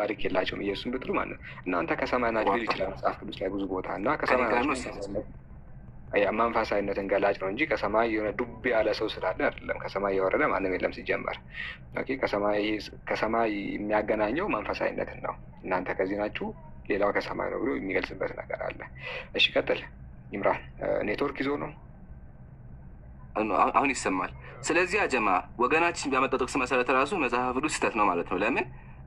ታሪክ የላቸውም። ኢየሱስን ብትሉ ማለት እናንተ ከሰማይ ናችሁ ሊል ይችላል መጽሐፍ ቅዱስ ላይ ብዙ ቦታ እና ከሰማይ መንፈሳዊነትን ገላጭ ነው እንጂ ከሰማይ የሆነ ዱብ ያለ ሰው ስላለ አይደለም። ከሰማይ የወረደ ማንም የለም ሲጀመር። ከሰማይ የሚያገናኘው መንፈሳዊነትን ነው። እናንተ ከዚህ ናችሁ፣ ሌላው ከሰማይ ነው ብሎ የሚገልጽበት ነገር አለ። እሺ ቀጥል ይምራ ኔትወርክ ይዞ ነው አሁን ይሰማል። ስለዚህ አጀማ ወገናችን በመጣ ጥቅስ መሰረት ራሱ መጽሐፍ ቅዱስ ስህተት ነው ማለት ነው። ለምን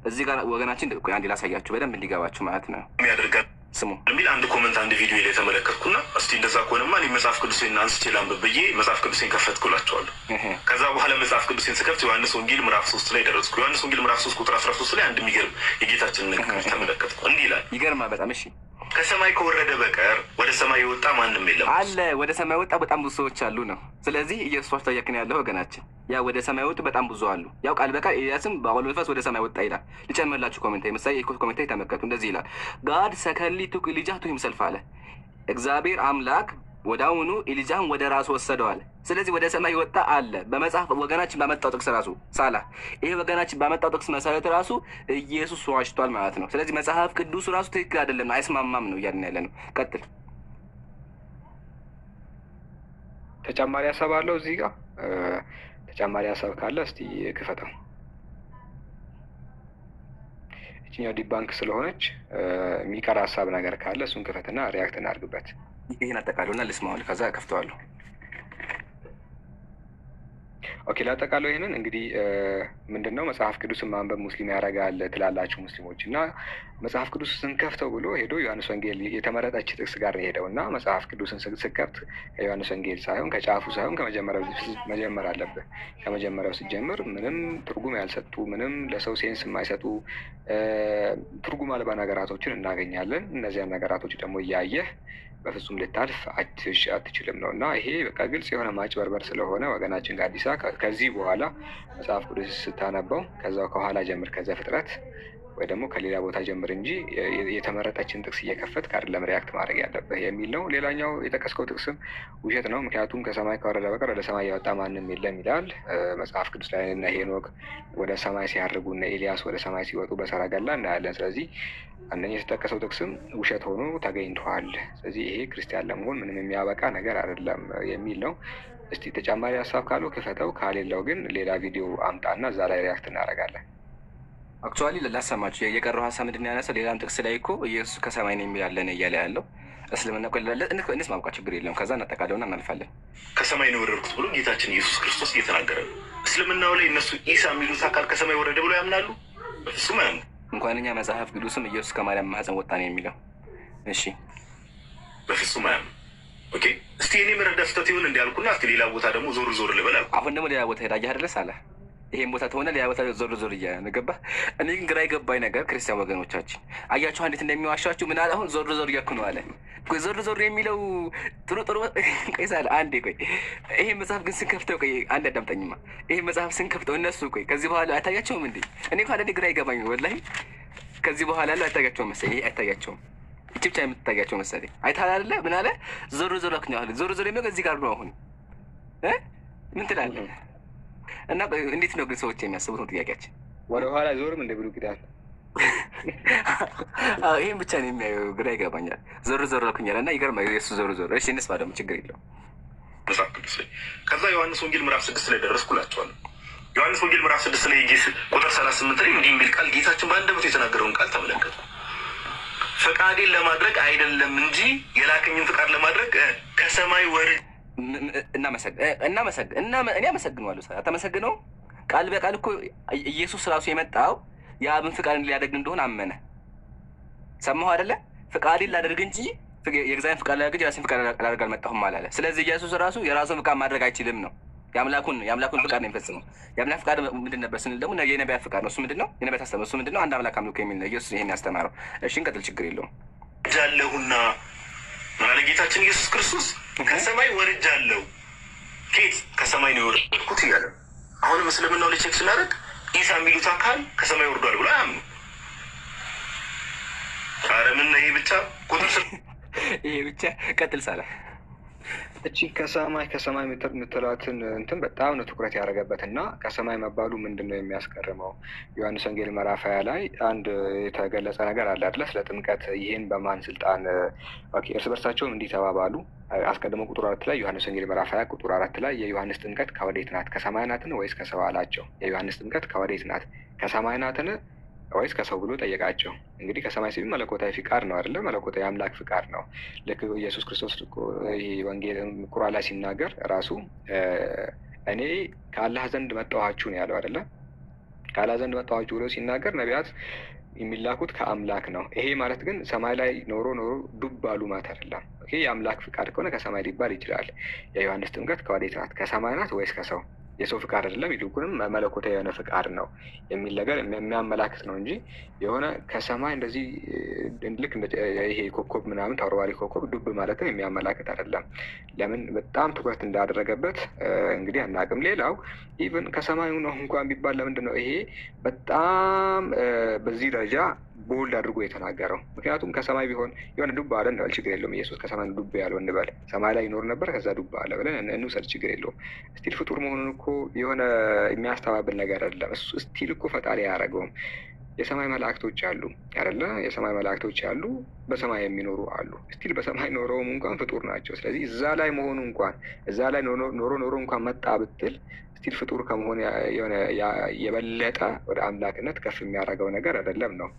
እዚህ ጋር ወገናችን አንድ ላሳያችሁ በደንብ እንዲገባችሁ ማለት ነው ያደርጋል ስሙ የሚል አንድ ኮመንት አንድ ቪዲዮ ላይ የተመለከትኩና እስቲ እንደዛ ከሆነማ እኔ መጽሐፍ ቅዱሴን አንስቼ ላንብብ ብዬ መጽሐፍ ቅዱሴን ከፈትኩላቸዋለሁ። ከዛ በኋላ መጽሐፍ ቅዱሴን ስከፍት ዮሐንስ ወንጌል ምዕራፍ ሶስት ላይ ደረስኩ። ዮሐንስ ወንጌል ምዕራፍ ሶስት ቁጥር አስራ ሶስት ላይ አንድ የሚገርም የጌታችን ንግግር ተመለከትኩ። እንዲህ ይላል። ይገርማ በጣም እሺ ከሰማይ ከወረደ በቀር ወደ ሰማይ የወጣ ማንም የለም አለ። ወደ ሰማይ ወጣ በጣም ብዙ ሰዎች አሉ ነው። ስለዚህ ኢየሱስ ዋሽታ እያክን ያለው ወገናችን ያ ወደ ሰማይ ወጡ በጣም ብዙ አሉ። ያው ቃል በቃል ኤልያስም በአውሎ ነፋስ ወደ ሰማይ ወጣ ይላል። ልጨምርላችሁ ኮሜንታይ ምሳሌ ኮሜንታይ ተመከቱ። እንደዚህ ይላል ጋድ ሰከሊ ቱክ ኢሊጃህ ቱ ሂምሰልፍ አለ። እግዚአብሔር አምላክ ወደ አሁኑ ኢሊጃህን ወደ ራሱ ወሰደዋል። ስለዚህ ወደ ሰማይ ወጣ አለ። በመጽሐፍ ወገናችን ባመጣው ጥቅስ ራሱ ሳላ ይሄ ወገናችን ባመጣው ጥቅስ መሰረት ራሱ ኢየሱስ ዋሽቷል ማለት ነው። ስለዚህ መጽሐፍ ቅዱስ ራሱ ትክክል አይደለም፣ አይስማማም ነው እያልን ያለ ነው። ቀጥል። ተጨማሪ ሀሳብ እዚህ ጋር ተጨማሪ ሀሳብ ካለ እስቲ ክፈተው። እችኛው ዲፕ ባንክ ስለሆነች የሚቀር ሀሳብ ነገር ካለ እሱን ክፈትና ሪያክት እናድርግበት። ይህን አጠቃለሁና ልስማዋል፣ ከዛ ከፍተዋለሁ። ኦኬ፣ ላጠቃለው ይህንን እንግዲህ ምንድን ነው መጽሐፍ ቅዱስን ማንበብ ሙስሊም ያደርጋል ትላላችሁ ሙስሊሞች እና መጽሐፍ ቅዱስ ስንከፍተው ብሎ ሄዶ ዮሐንስ ወንጌል የተመረጠች ጥቅስ ጋር ነው የሄደው እና መጽሐፍ ቅዱስን ስከፍት ከዮሐንስ ወንጌል ሳይሆን ከጫፉ ሳይሆን ከመጀመሪያው መጀመር አለብህ። ከመጀመሪያው ስትጀምር ምንም ትርጉም ያልሰጡ ምንም ለሰው ሴንስ የማይሰጡ ትርጉም አልባ ነገራቶችን እናገኛለን። እነዚያን ነገራቶች ደግሞ እያየህ በፍጹም ልታልፍ አትችልም ነው እና ይሄ በቃ ግልጽ የሆነ ማጭበርበር ስለሆነ ወገናችን ጋዲሳ ከዚህ በኋላ መጽሐፍ ቅዱስ ስታነበው ከዛው ከኋላ ጀምር ከዘፍጥረት ወይ ደግሞ ከሌላ ቦታ ጀምር እንጂ የተመረጠችን ጥቅስ እየከፈት አይደለም ሪያክት ማድረግ ያለብህ የሚል ነው። ሌላኛው የጠቀስከው ጥቅስም ውሸት ነው፣ ምክንያቱም ከሰማይ ከወረደ በቀር ወደ ሰማይ ያወጣ ማንም የለም ይላል መጽሐፍ ቅዱስ ላይ። እነ ሄኖክ ወደ ሰማይ ሲያርጉ፣ እነ ኤልያስ ወደ ሰማይ ሲወጡ በሰረገላ እናያለን። ስለዚህ አንደኛ የተጠቀሰው ጥቅስም ውሸት ሆኖ ተገኝተዋል። ስለዚህ ይሄ ክርስቲያን ለመሆን ምንም የሚያበቃ ነገር አይደለም የሚል ነው። እስቲ ተጨማሪ ሀሳብ ካለው ክፈተው፣ ካሌለው ግን ሌላ ቪዲዮ አምጣና እዛ ላይ ሪያክት እናደርጋለን። አክቹዋሊ ላሰማችሁ የቀረው ሀሳብ ምንድን ያነሳ ሌላም ጥቅስ ላይ እኮ ኢየሱስ ከሰማይ ነው የሚላለን እያለ ያለው እስልምና እንስ ማብቃ ችግር የለም። ከዛ እናጠቃለውና እናልፋለን። ከሰማይ ነው የወረድኩት ብሎ ጌታችን ኢየሱስ ክርስቶስ እየተናገረ ነው። እስልምናው ላይ እነሱ ኢሳ የሚሉት አካል ከሰማይ ወረደ ብሎ ያምናሉ? በፍጹም አያምኑ። እንኳን እኛ መጽሐፍ ቅዱስም ኢየሱስ ከማርያም ማህፀን ወጣ ነው የሚለው። እሺ፣ በፍጹም አያምኑ። ኦኬ እስቲ እኔ መረዳ ስህተት ይሆን እንዲያልኩና እስቲ ሌላ ቦታ ደግሞ ዞር ዞር ልበል አልኩ። አሁን ደግሞ ሌላ ቦታ ሄዳያ ደረስ አለ ይሄን ቦታ ተሆነ ሌላ ቦታ ዞር ዞር እያለ ነው እኔ ግን ግራ የገባኝ ነገር ክርስቲያን ወገኖቻችን አያችሁ እንዴት እንደሚዋሻችሁ ምን አለ አሁን ዞር ዞር እያልኩ ነው አለ። ዞር ዞር የሚለው ጥሩ ጥሩ ቆይ ሳለ አንዴ ቆይ ይሄ መጽሐፍ ግን ስንከፍተው ቆይ አንድ አዳምጠኝማ ይሄ መጽሐፍ ስንከፍተው እነሱ ቆይ ከዚህ በኋላ አይታያቸውም እንዴ? እኔ እንኳ አንዳንዴ ግራ ይገባኝ ወላሂ ከዚህ በኋላ ያለው አይታያቸውም መሰለኝ ይሄ አይታያቸውም ጭብጫ የምትታያቸው መሰለኝ አይተሃል አይደለ? ምን አለ ዞሮ ዞሮ አክኝ አለ ዞሮ ዞሮ የሚለው እዚህ ጋር ነው። አሁን ምን ትላለህ? እና እንዴት ነው ግን ሰዎች የሚያስቡት ነው ጥያቄያችን። ወደኋላ ዞርም እንደ ብሉ ኪዳን ይህን ብቻ ነው የሚያየው። ግራ ይገባኛል። ዞሮ ዞሮ አክኛል እና ይገርማ የሱ ዞሮ ዞሮ። እሺ እንስ ባደሞ ችግር የለው። ከዛ ዮሐንስ ወንጌል ምዕራፍ ስድስት ላይ ደረስኩላቸዋል። ዮሐንስ ወንጌል ምዕራፍ ስድስት ላይ ጌስ ቁጥር ሰላሳ ስምንት ላይ እንዲህ የሚል ቃል ጌታችን በአንደበቱ የተናገረውን ቃል ተመለከቱ ፈቃዴን ለማድረግ አይደለም እንጂ የላከኝን ፈቃድ ለማድረግ ከሰማይ ወርድ እኔ አመሰግነዋለሁ። ተመሰግነው ቃል በቃል እኮ ኢየሱስ ራሱ የመጣው የአብን ፍቃድ ሊያደርግ እንደሆን አመነ። ሰማሁ አደለ? ፍቃዴን ላደርግ እንጂ የእግዚአብሔርን ፍቃድ ላደርግ የራሴን ፍቃድ ላደርግ አልመጣሁም አላለ። ስለዚህ ኢየሱስ ራሱ የራሱን ፍቃድ ማድረግ አይችልም ነው የአምላኩን የአምላኩን ፍቃድ ነው የሚፈጽመው። የአምላክ ፍቃድ ምንድን ነበር ስንል ደግሞ የነቢያ ፍቃድ ነው። እሱ ምንድን ነው? የነቢያት አስተምሮ እሱ ምንድን ነው? አንድ አምላክ አምልኮ የሚል ነው። ኢየሱስ ይሄን ያስተማረው። እሺ እንቀጥል፣ ችግር የለውም። ወርጃለሁና ምናለ ጌታችን ኢየሱስ ክርስቶስ ከሰማይ ወርጃለሁ። ኬት ከሰማይ ነው የወረድኩት እያለ አሁን እስልምና ላይ ቼክ ስናደርግ ኢሳ የሚሉት አካል ከሰማይ ወርዷል ብሎ አያምኑ። ኧረ ምን ይሄ ብቻ ቁጥር ይሄ ብቻ። ቀጥል ሳላ እቺ ከሰማይ ከሰማይ የምትላትን እንትን በጣም ነው ትኩረት ያደረገበት እና ከሰማይ መባሉ ምንድን ነው የሚያስገርመው? ዮሐንስ ወንጌል ምዕራፍ ላይ አንድ የተገለጸ ነገር አለ አይደለ? ስለ ጥምቀት ይህን በማን ስልጣን እርስ በርሳቸውም እንዲህ ተባባሉ። አስቀድሞ ቁጥር አራት ላይ ዮሐንስ ወንጌል ምዕራፍ ቁጥር አራት ላይ የዮሐንስ ጥምቀት ከወዴት ናት? ከሰማይ ናትን ወይስ ከሰው አላቸው። የዮሐንስ ጥምቀት ከወዴት ናት? ከሰማይ ናትን ወይስ ከሰው ብሎ ጠየቃቸው። እንግዲህ ከሰማይ ሲሆን መለኮታዊ ፍቃድ ነው አይደለ? መለኮታዊ አምላክ ፍቃድ ነው። ልክ ኢየሱስ ክርስቶስ ወንጌል ቁራ ላይ ሲናገር ራሱ እኔ ከአላህ ዘንድ መጣኋችሁ ነው ያለው አይደለ? ከአላህ ዘንድ መጣኋችሁ ብሎ ሲናገር ነቢያት የሚላኩት ከአምላክ ነው። ይሄ ማለት ግን ሰማይ ላይ ኖሮ ኖሮ ዱብ አሉ ማለት አይደለም። ይሄ የአምላክ ፍቃድ ከሆነ ከሰማይ ሊባል ይችላል። የዮሐንስ ጥምቀት ከወዴት ናት? ከሰማይ ናት ወይስ ከሰው? የሰው ፍቃድ አይደለም፣ ይልቁንም መለኮታዊ የሆነ ፍቃድ ነው የሚል ነገር የሚያመላክት ነው እንጂ የሆነ ከሰማይ እንደዚህ ልክ ይሄ ኮከብ ምናምን ተወርዋሪ ኮከብ ዱብ ማለትን የሚያመላክት አይደለም። ለምን በጣም ትኩረት እንዳደረገበት እንግዲህ አናውቅም። ሌላው ኢቨን ከሰማዩ ነው እንኳን ቢባል ለምንድን ነው ይሄ በጣም በዚህ ደረጃ ቦልድ አድርጎ የተናገረው። ምክንያቱም ከሰማይ ቢሆን የሆነ ዱብ አለ እንበል ችግር የለውም። ኢየሱስ ከሰማይ ዱብ ያለው እንበል፣ ሰማይ ላይ ይኖር ነበር፣ ከዛ ዱብ አለ ብለን እንውሰድ፣ ችግር የለውም። ስቲል ፍጡር መሆኑን እኮ የሆነ የሚያስተባብል ነገር አይደለም። እሱ ስቲል እኮ ፈጣሪ አያደርገውም። የሰማይ መላእክቶች አሉ አይደለ? የሰማይ መላእክቶች አሉ፣ በሰማይ የሚኖሩ አሉ። ስቲል በሰማይ ኖረውም እንኳን ፍጡር ናቸው። ስለዚህ እዛ ላይ መሆኑ እንኳን እዛ ላይ ኖሮ ኖሮ እንኳን መጣ ብትል ስቲል ፍጡር ከመሆን የሆነ የበለጠ ወደ አምላክነት ከፍ የሚያደርገው ነገር አይደለም ነው።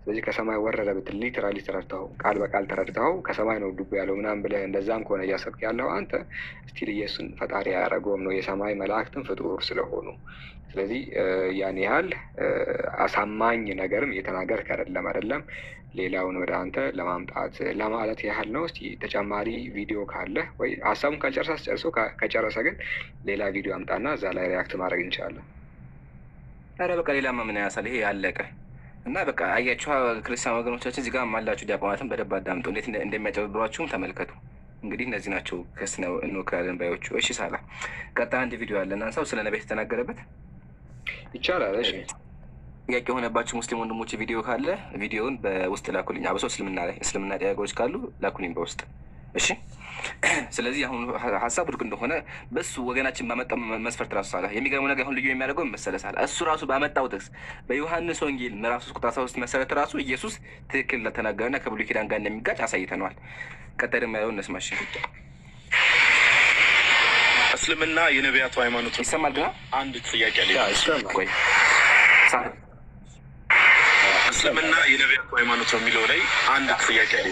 ስለዚህ ከሰማይ ወረደ ብትል ሊትራሊ ተረድተው ቃል በቃል ተረድተው ከሰማይ ነው ዱብ ያለው ምናምን ብለህ እንደዛም ከሆነ እያሰብክ ያለው አንተ ስቲል ኢየሱስን ፈጣሪ አያደርገውም ነው የሰማይ መላእክትን ፍጡር ስለሆኑ። ስለዚህ ያን ያህል አሳማኝ ነገርም እየተናገርክ አይደለም አይደለም ሌላውን ወደ አንተ ለማምጣት ለማለት ያህል ነው። እስኪ ተጨማሪ ቪዲዮ ካለ ወይ ሀሳቡን ካልጨረሰ ስጨርሶ ከጨረሰ ግን ሌላ ቪዲዮ አምጣና እዛ ላይ ሪያክት ማድረግ እንችላለን። ኧረ በቃ ሌላ ምን ያሳል ይሄ ያለቀ እና በቃ አያችኋ፣ ክርስቲያን ወገኖቻችን እዚህ ጋር ማላችሁ ዲያቆናትን በደንብ አዳምጡ፣ እንዴት እንደሚያጨበብሯችሁም ተመልከቱ። እንግዲህ እነዚህ ናቸው ክስ እንወክላለን ባዮቹ። እሺ ሳላ ቀጣ አንድ ቪዲዮ አለ እናንሳው ስለ ነቢያት የተናገረበት ይቻላል። እሺ ጥያቄ የሆነባቸው ሙስሊም ወንድሞች ቪዲዮ ካለ ቪዲዮውን በውስጥ ላኩልኝ። አብሶ እስልምና ላይ እስልምና ጥያቄዎች ካሉ ላኩልኝ በውስጥ እሺ። ስለዚህ አሁን ሀሳብ ውድቅ እንደሆነ በሱ ወገናችን ባመጣው መስፈርት ራሱ ሳላ የሚገርመው ነገር አሁን ልዩ የሚያደርገው መሰለ ሳላ እሱ ራሱ ባመጣው ጥቅስ በዮሐንስ ወንጌል ምዕራፍ ሶስት ቁጥር አስራ ሶስት መሰረት ራሱ ኢየሱስ ትክክል እንደተናገረና ከብሉይ ኪዳን ጋር እንደሚጋጭ አሳይተነዋል። ቀጣይ ደግሞ ያለው እነስማሽ እስልምና የነቢያቱ ሃይማኖት ይሰማል። ግና አንድ ጥያቄ ቆይ እስልምና የነቢያት ሃይማኖት ነው የሚለው ላይ አንድ ጥያቄ አለ።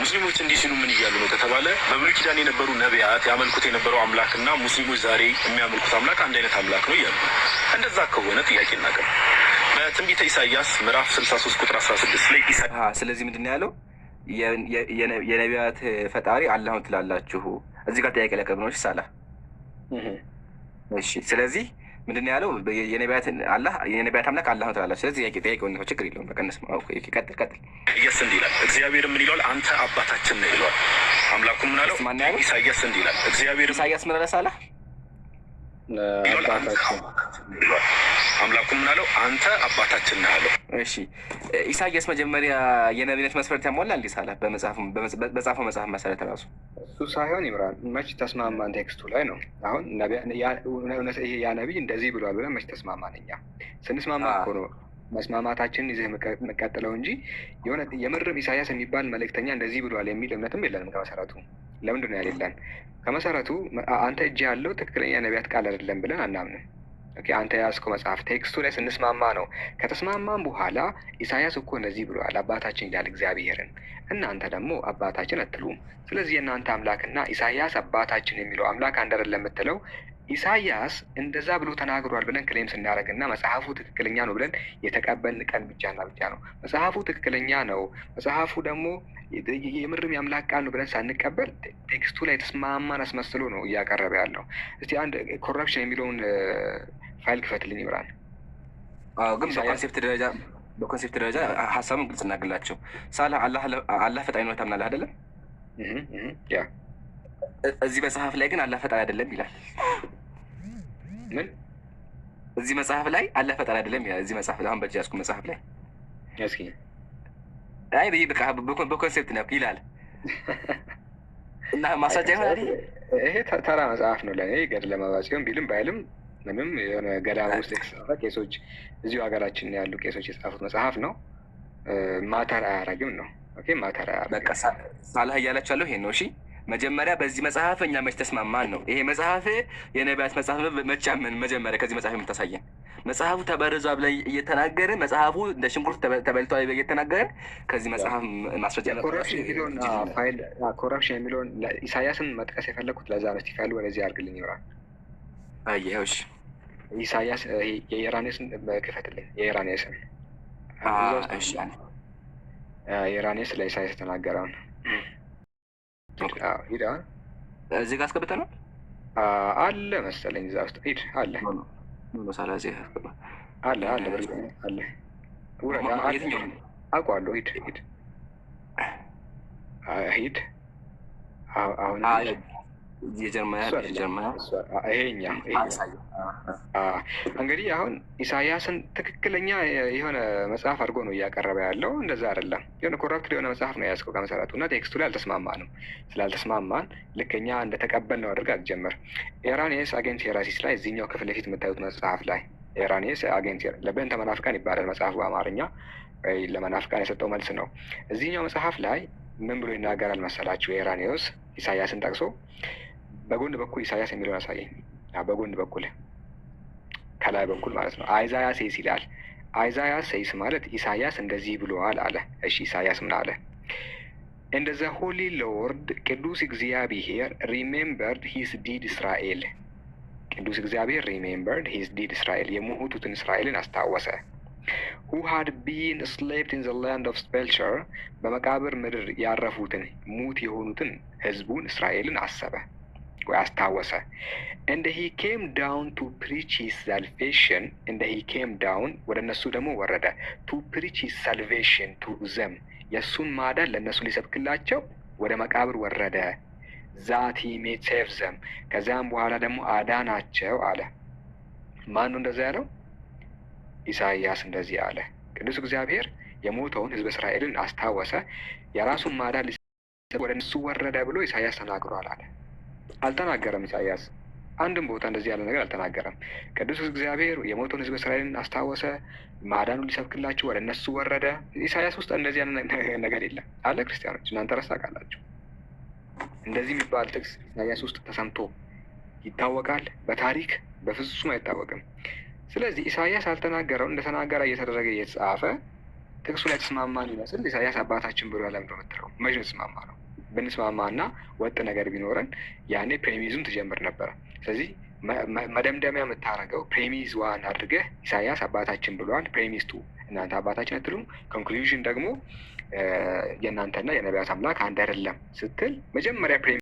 ሙስሊሞች እንዲህ ሲሉ ምን እያሉ ነው ከተባለ በብሉይ ኪዳን የነበሩ ነቢያት ያመልኩት የነበረው አምላክ እና ሙስሊሞች ዛሬ የሚያመልኩት አምላክ አንድ አይነት አምላክ ነው እያሉ እንደዛ ከሆነ ጥያቄ እናቀር በትንቢተ ኢሳያስ ምዕራፍ 63 ቁጥር 16 ላይ ስለዚህ ምንድን ያለው? የነቢያት ፈጣሪ አላህ ነው ትላላችሁ። እዚህ ጋር ጥያቄ ለቀብ ነው። ሳላ እሺ ስለዚህ ምንድን ያለው የነቢያት አምላክ አላህ ነው ትላለች። ስለዚህ ጥያቄ ጥያቄ ነው፣ ችግር የለውም። በቀነስ ቀጥል ቀጥል። ኢሳያስ እንዲህ ይላል፣ እግዚአብሔር ምን ይለዋል? አንተ አባታችን ነው ይለዋል። አምላኩ ምን አለው? ኢሳያስ እንዲህ ይላል፣ እግዚአብሔር ኢሳያስ ምን ረሳለህ አባታችን አምላኩ ምን አለው? አንተ አባታችን ነህ አለው። እሺ ኢሳያስ መጀመሪያ የነቢነት መስፈርት ያሟላ እንዲ ሳለ በጻፈው መጽሐፍ መሰረት ራሱ እሱ ሳይሆን ይምራል መች ተስማማን ቴክስቱ ላይ ነው። አሁን ይሄ ያ ነቢይ እንደዚህ ብሏል ብለን መች ተስማማን? እኛ ስንስማማ እኮ ነው መስማማታችን ይዘህ የምቀጥለው እንጂ የሆነ የምርም ኢሳያስ የሚባል መልእክተኛ እንደዚህ ብሏል የሚል እምነትም የለንም ከመሰረቱ ለምንድን ነው ያሌለን? ከመሰረቱ አንተ እጅ ያለው ትክክለኛ ነቢያት ቃል አይደለም ብለን አናምንም። አንተ የያዝከው መጽሐፍ ቴክስቱ ላይ ስንስማማ ነው። ከተስማማም በኋላ ኢሳያስ እኮ እነዚህ ብለዋል አባታችን ይላል እግዚአብሔርን፣ እናንተ ደግሞ አባታችን አትሉም። ስለዚህ የእናንተ አምላክና ኢሳያስ አባታችን የሚለው አምላክ አንድ አይደለም የምትለው ኢሳያስ እንደዛ ብሎ ተናግሯል ብለን ክሌም ስናደርግ እና መጽሐፉ ትክክለኛ ነው ብለን የተቀበልን ቀን ብቻና ብቻ ነው። መጽሐፉ ትክክለኛ ነው፣ መጽሐፉ ደግሞ የምርም ያምላክ ቃል ነው ብለን ሳንቀበል ቴክስቱ ላይ ተስማማን አስመስሎ ነው እያቀረበ ያለው። እስቲ አንድ ኮረፕሽን የሚለውን ፋይል ክፈትልኝ ይምራል። ግን በኮንሴፕት ደረጃ በኮንሴፕት ደረጃ ሀሳቡን ግልጽ እናግላቸው። ሳላ አላህ ፈጣሪ ነው ታምናለህ አይደለም? እዚህ መጽሐፍ ላይ ግን አላህ ፈጣሪ አይደለም ይላል። ምን እዚህ መጽሐፍ ላይ አላህ ፈጣሪ አይደለም ይላል። እዚህ መጽሐፍ ላይ አሁን በእጅ ያዝኩት መጽሐፍ ላይ አይ ብዬ በቃ በኮንሴፕት ነው ይላል እና ማስረጃ ይሆናል። ይሄ ተራ መጽሐፍ ነው ለእኔ ገድለ ሲሆን ቢልም ባይልም ምንም የሆነ ገዳም ውስጥ የተጻፈ ቄሶች እዚሁ ሀገራችን ያሉ ቄሶች የጻፉት መጽሐፍ ነው። ማተር አያረግም ነው ማተር አያረግም። በቃ ሳላህ እያላችኋለሁ ይሄን ነው እሺ መጀመሪያ በዚህ መጽሐፍ እኛ መች ተስማማን ነው። ይሄ መጽሐፍ የነቢያት መጽሐፍ መቻምን መጀመሪያ ከዚህ መጽሐፍ የምታሳየን መጽሐፉ ተበርዟ ብለን እየተናገርን መጽሐፉ እንደ ሽንኩርት ተበልቷል ብለን እየተናገርን ከዚህ መጽሐፍ ማስረጃ ኮረፕሽን የሚለውን ኢሳያስን መጥቀስ የፈለግኩት ለዛ ነው። ስቲፋሉ ወደዚህ አድርግልኝ ይምራል። ይኸውሽ ኢሳያስ የኢራኔስን ክፈትልኝ። የኢራኔስን የኢራኔስ ለኢሳያስ የተናገረውን እዚህ ጋር አስገብተናል አለ መሰለኝ እዛ ውስጥ ሂድ አለ ሳላ እዚህ አለ አለ አለ አውቀዋለሁ ሂድ ሂድ ሂድ አሁን እንግዲህ አሁን ኢሳያስን ትክክለኛ የሆነ መጽሐፍ አድርጎ ነው እያቀረበ ያለው። እንደዛ አይደለም። የሆነ ኮረፕት የሆነ መጽሐፍ ነው የያዝከው ከመሰረቱ እና ቴክስቱ ላይ አልተስማማንም። ስላልተስማማን ልክ እንደተቀበል ነው አድርገህ አትጀምር። ኤራኒየስ አጌንስት ሄራሲስ ላይ እዚህኛው ክፍል ለፊት የምታዩት መጽሐፍ ላይ ኤራኒየስ አጌንስት ለብእንተ መናፍቃን ይባላል መጽሐፉ በአማርኛ ወይ ለመናፍቃን የሰጠው መልስ ነው። እዚህኛው መጽሐፍ ላይ ምን ብሎ ይናገራል መሰላችሁ? ኤራኔዎስ ኢሳያስን ጠቅሶ በጎን በኩል ኢሳያስ የሚለውን ያሳየኝ። በጎን በኩል ከላይ በኩል ማለት ነው። አይዛያስ ሴስ ይላል። አይዛያስ ሴስ ማለት ኢሳያስ እንደዚህ ብለዋል አለ። እሺ ኢሳያስ ምን አለ? እንደ ዘ ሆሊ ሎርድ ቅዱስ እግዚአብሔር ሪሜምበርድ ሂስ ዲድ እስራኤል ቅዱስ እግዚአብሔር ሪሜምበርድ ሂስ ዲድ እስራኤል የሞቱትን እስራኤልን አስታወሰ። ሁ ሃድ ቢን ስሌፕት ኢን ዘ ላንድ ኦፍ ስፔልቸር በመቃብር ምድር ያረፉትን ሙት የሆኑትን ህዝቡን እስራኤልን አሰበ። አስታወሰ። እንደ ሂ ኬም ዳውን ቱ ፕሪች ሳልቬሽን እንደ ሂ ኬም ዳውን ወደ እነሱ ደግሞ ወረደ። ቱ ፕሪች ሳልቬሽን ቱ ዘም የእሱን ማዳን ለእነሱ ሊሰብክላቸው ወደ መቃብር ወረደ። ዛት ሂ ሜ ሴቭ ዘም ከዚያም በኋላ ደግሞ አዳናቸው አለ። ማኑ እንደዚያ ያለው? ኢሳይያስ እንደዚህ አለ። ቅዱስ እግዚአብሔር የሞተውን ህዝብ እስራኤልን አስታወሰ። የራሱን ማዳን ወደ እነሱ ወረደ ብሎ ኢሳያስ ተናግሯል አለ። አልተናገረም። ኢሳያስ አንድም ቦታ እንደዚህ ያለ ነገር አልተናገረም። ቅዱስ እግዚአብሔር የሞተውን ህዝብ እስራኤልን አስታወሰ፣ ማዳኑ ሊሰብክላቸው ወደ እነሱ ወረደ። ኢሳያስ ውስጥ እንደዚህ ያለ ነገር የለም አለ። ክርስቲያኖች እናንተ ረሳቃላችሁ። እንደዚህ የሚባል ጥቅስ ኢሳያስ ውስጥ ተሰምቶ ይታወቃል? በታሪክ በፍጹም አይታወቅም። ስለዚህ ኢሳያስ አልተናገረው እንደተናገረ እየተደረገ እየተጻፈ ጥቅሱ ላይ ተስማማን ይመስል ኢሳያስ አባታችን ብሎ ያለ ምንድን ነው ተስማማ ነው? ብንስማማና ወጥ ነገር ቢኖረን ያኔ ፕሬሚዙን ትጀምር ነበረ። ስለዚህ መደምደሚያ የምታደርገው ፕሬሚዝ ዋን አድርገህ ኢሳያስ አባታችን ብሏል። ፕሬሚዝ ቱ እናንተ አባታችን አትሉም። ኮንክሉዥን ደግሞ የእናንተና የነቢያት አምላክ አንድ አይደለም ስትል መጀመሪያ